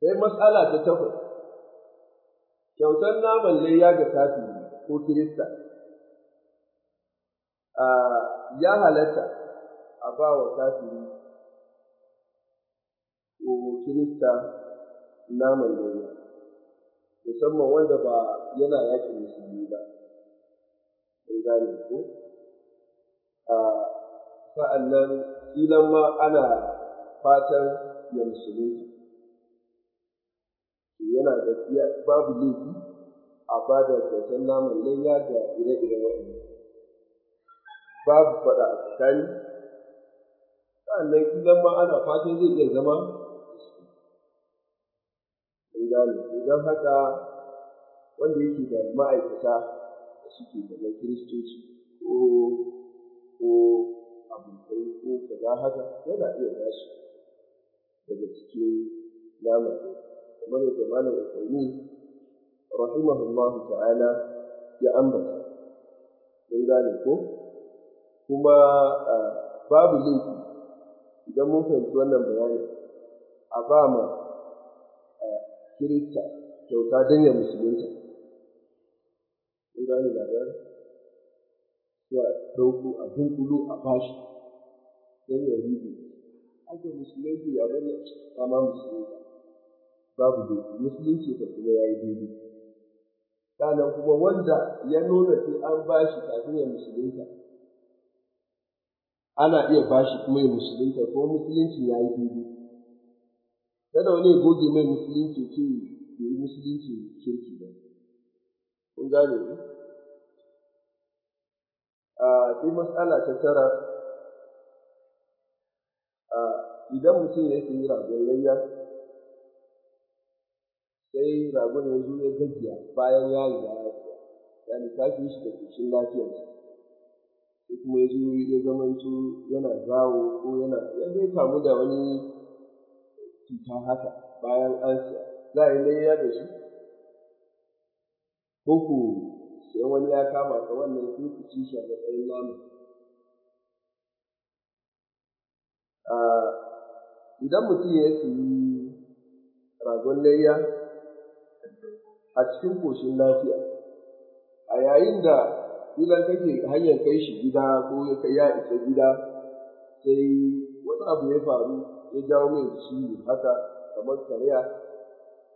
sai matsala ta takwas kyautar naman layya ga tafi ko kirista ya halatta a ba wa tafi ko kirista naman layya musamman wanda ba yana yakin musulmi ba in gane ko A kilan ma ana fatan ya musulmi yana da iya babu laifi a ba da kyautar naman layya ga ire-iren waɗannan babu faɗa a tsakani sa'annan idan ma ana fatan zai iya zama in gane idan haka wanda yake da ma'aikata da suke kamar kiristoci ko ko abokai ko kaza haka yana iya basu daga cikin naman kamar yadda malam Usaini rahimahullahu ta'ala ya ambata mun gane ko kuma babu laifi idan mun fahimci wannan bayani a ba ma kirista kyauta don ya musulunta mun gane labarin ya ɗauko a dunkulu a bashi don ya rubi aka musulunci ya bari cikin ma musulunci babu daidai musulunci ta kuma ya yi daidai sannan kuma wanda ya nuna sai an ba shi kafin ya musulunta ana iya ba shi kuma ya musulunta ko musulunci ya yi daidai kada wani ya goge mai musulunci ce ya yi musulunci kirki ba kun gane ne a sai matsala ta tara idan mutum ya yi ragon layya sai ragon ya zo ya gajiya bayan ya riga ya tsaya ya lissafi shi da ƙoshin lafiyarsa sai kuma ya zo ya zamanto yana zawo ko yana ya dai kamu da wani cuta haka bayan an siya za a yi laiya da shi ko ku sai wani ya kama ka wannan sai ku ci shi a matsayin namu ah, idan mutum ya siyi ragon layya a cikin ƙoshin lafiya a yayin da idan kake hanyar kai shi gida ko ya isa gida sai wani abu ya faru ya jawo mai ciwo haka kamar karya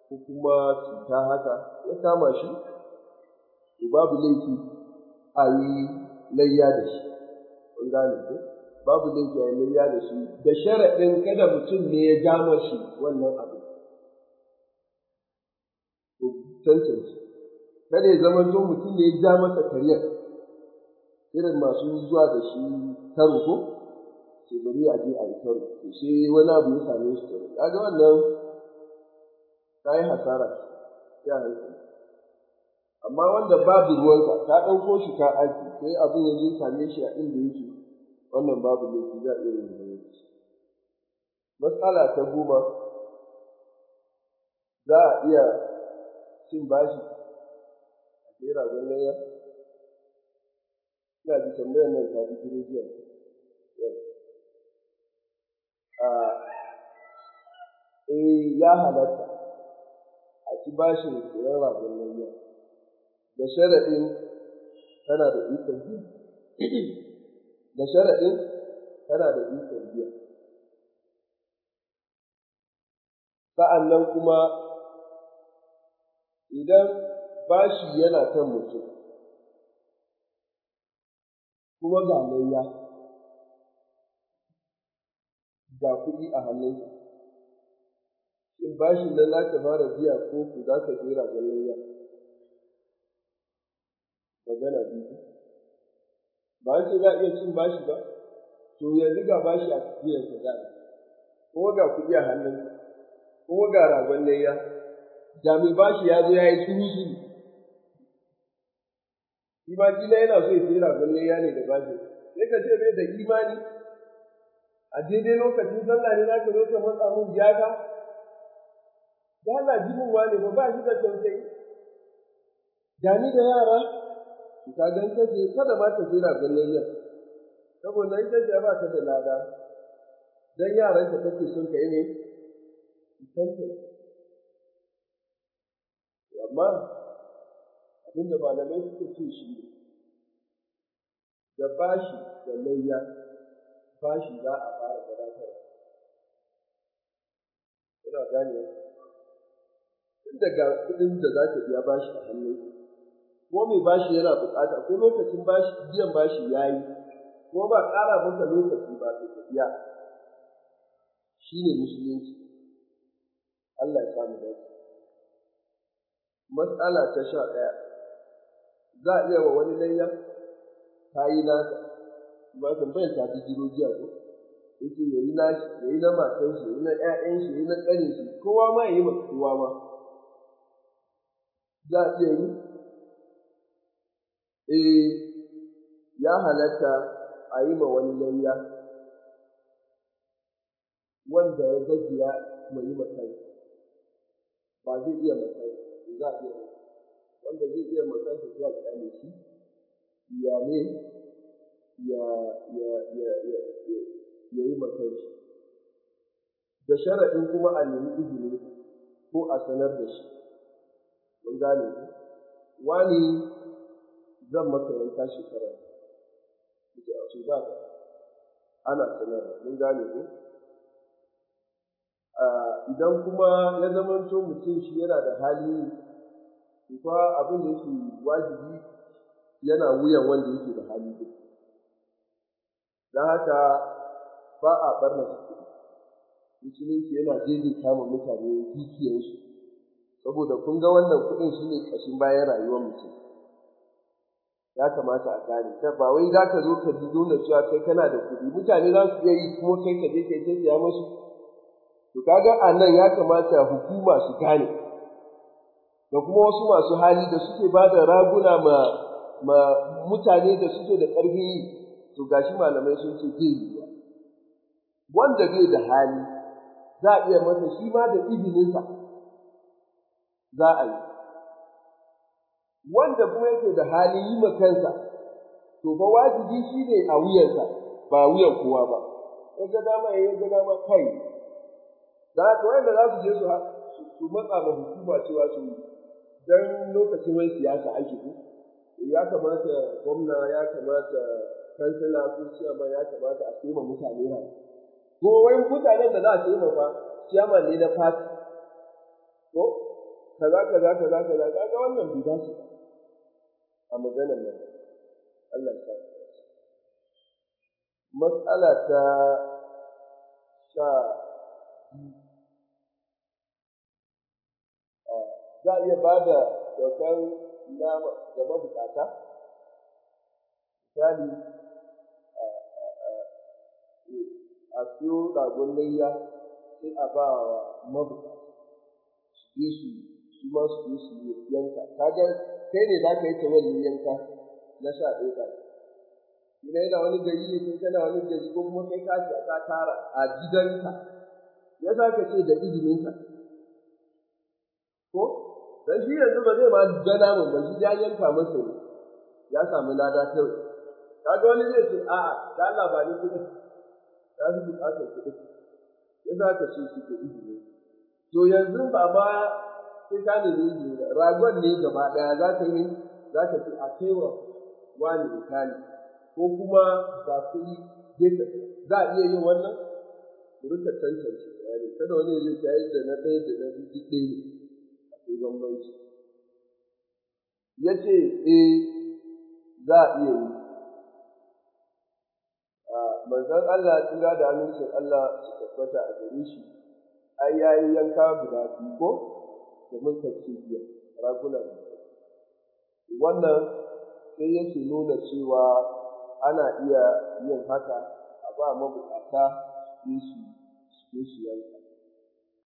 ko kuma cuta haka ya kama shi to babu laifi a yi layya da shi kun gane ko babu laifi a yi layya da shi da sharaɗin kada mutum ne ya dama shi wannan abu tantance kada ya zama to mutum ya ja masa karyar irin masu zuwa da shi karo ko ce bari a je a yi karo to sai wani abu ya same shi karo kaga wannan ka yi hasara ya hankali amma wanda babu ruwanka ka ɗauko shi ka aiki sai abin ya je same shi a inda yake wannan babu laifi za a iya yin zumunci matsala ta goma za a iya cin bashi a sai ragon layya ina ji tambayar nan ta fi jiya ah, eh ya halatta a ci bashin siyan ragon layya da sharaɗin tana da ikon biya da sharaɗin tana da ikon biya sa'an nan kuma idan bashi yana kan mutum, kuma ga layya, ga kuɗi a hannunka, ba shi nan za ka fara biya ko ku za ka jera ga layya? Magana biyu. Ba ce za a iya cin bashi ba, to yanzu ga bashi a biyan ka za kuma ga kuɗi a hannunka, kuma ga ragon layya. da mai bashi ya zo ya yi shuru shuru shi ma yana so ya yana ragon ya ne da bashi sai ka ce mai da imani a daidai lokacin sallah ne za ka zo ka matsa mun jaka da Allah jibinwa ne ba ba shi da tausayi da ni da yara ka don ita kada ma ta sai ragon layya saboda ita ce ba ta da lada dan yaran ka kake son kai ne san amma abinda malamai suka ce shi ne da bashi da layya bashi za a fara gabatar kuna gane tun daga kuɗin da za ka biya bashi a hannun ko mai bashi yana buƙata ko lokacin bashi biyan bashi ya yi ko ba ƙara maka lokaci ba ka biya shi ne musulunci Allah ya samu dace Matsala ta sha ɗaya, za a iya wa wani layya ta yi nasa, ba tambayar ta fi jiro jiya ko, yake ya yi nashi, ya yi na matan shi, ya yi na ‘ya'yan shi, ya yi na ƙanin shi, kowa ma ya yi ma kowa ma. Za a iya yi? Eh, ya halatta a yi ma wani layya wanda ya gajiya mai yi makai, ba zai iya makai. to za a iya wanda zai iya matsansa sai a kyale shi ya ne ya ya ya ya ya yi matsansa da sharaɗin kuma a nemi izini ko a sanar da shi mun gane wani zan maka yanka shekara ita a su ba ana sanar da mun gane ku. idan kuma ya zamanto mutum shi yana da hali kuma abin da yake wajibi yana wuyan wanda yake da hali duk don haka ba a barna su musulunci yana daidai kama mutane dukiyarsu saboda kun ga wannan kuɗin shi ne ƙashin bayan rayuwar mutum ya kamata a gane ta ba wai za ka zo ka nuna cewa kai kana da kuɗi mutane za su iya yi kuma kai ka je kai ka siya musu To kaga a nan ya kamata hukuma su gane, da kuma wasu masu hali da suke ba da raguna ma, mutane da suke da ƙarfi yi, to gashi malamai sun ce zai yi Wanda zai da hali, za a iya masa shi ma da izininsa za a yi. Wanda kuma yake da hali yi ma kansa, to fa wajibi shi ne a wuyansa, ba wuyan kowa ba. Ya ga dama ya ga dama kai, da haka wanda za su je su su matsa ma hukuma cewa su dan lokacin wani siyasa ake ko ya kamata gwamna ya kamata kansila ko ciyama ya kamata a tsima mutane ran ko wani mutanen da za a tsima fa ciyama ne na fati ko kaza kaza kaza kaza kaga wannan bai dace a maganar nan Allah ya sa matsala ta sha za a iya ba da kyautar nama ga mabukata misali a siyo ragon layya sai a ba wa mabukata su je su su ma su yi su yanka kaga kai ne za ka yi yi yanka na sha ɗaya ba ina yana wani gari ne kai kana wani gari ko kuma kai ka ka tara a gidanka ya za ka ce da izininka ko dan shi yanzu ba zai ma dana mun ba shi ya yanka masa ya samu lada ka ga wani zai ce a'a da Allah ba ni kuɗi ya fi buƙatar kuɗi ya za ka ce shi da izini to yanzu ba sai ka nemi izini ragon ne gaba ɗaya za ka yi za ka ce a kaiwa wani misali ko kuma ba kuɗi za a iya yin wannan rika tantance bayani kada wani ya ta da na ɗaya da na biyu ɗaya ne kai bambanci ya ce eh za a iya yi manzon Allah tsira da amincin Allah su tabbata a gare shi ai yayi yanka guda biyu ko domin kacce biyar raguna wannan sai yake nuna cewa ana iya yin haka a ba mabukata isso especial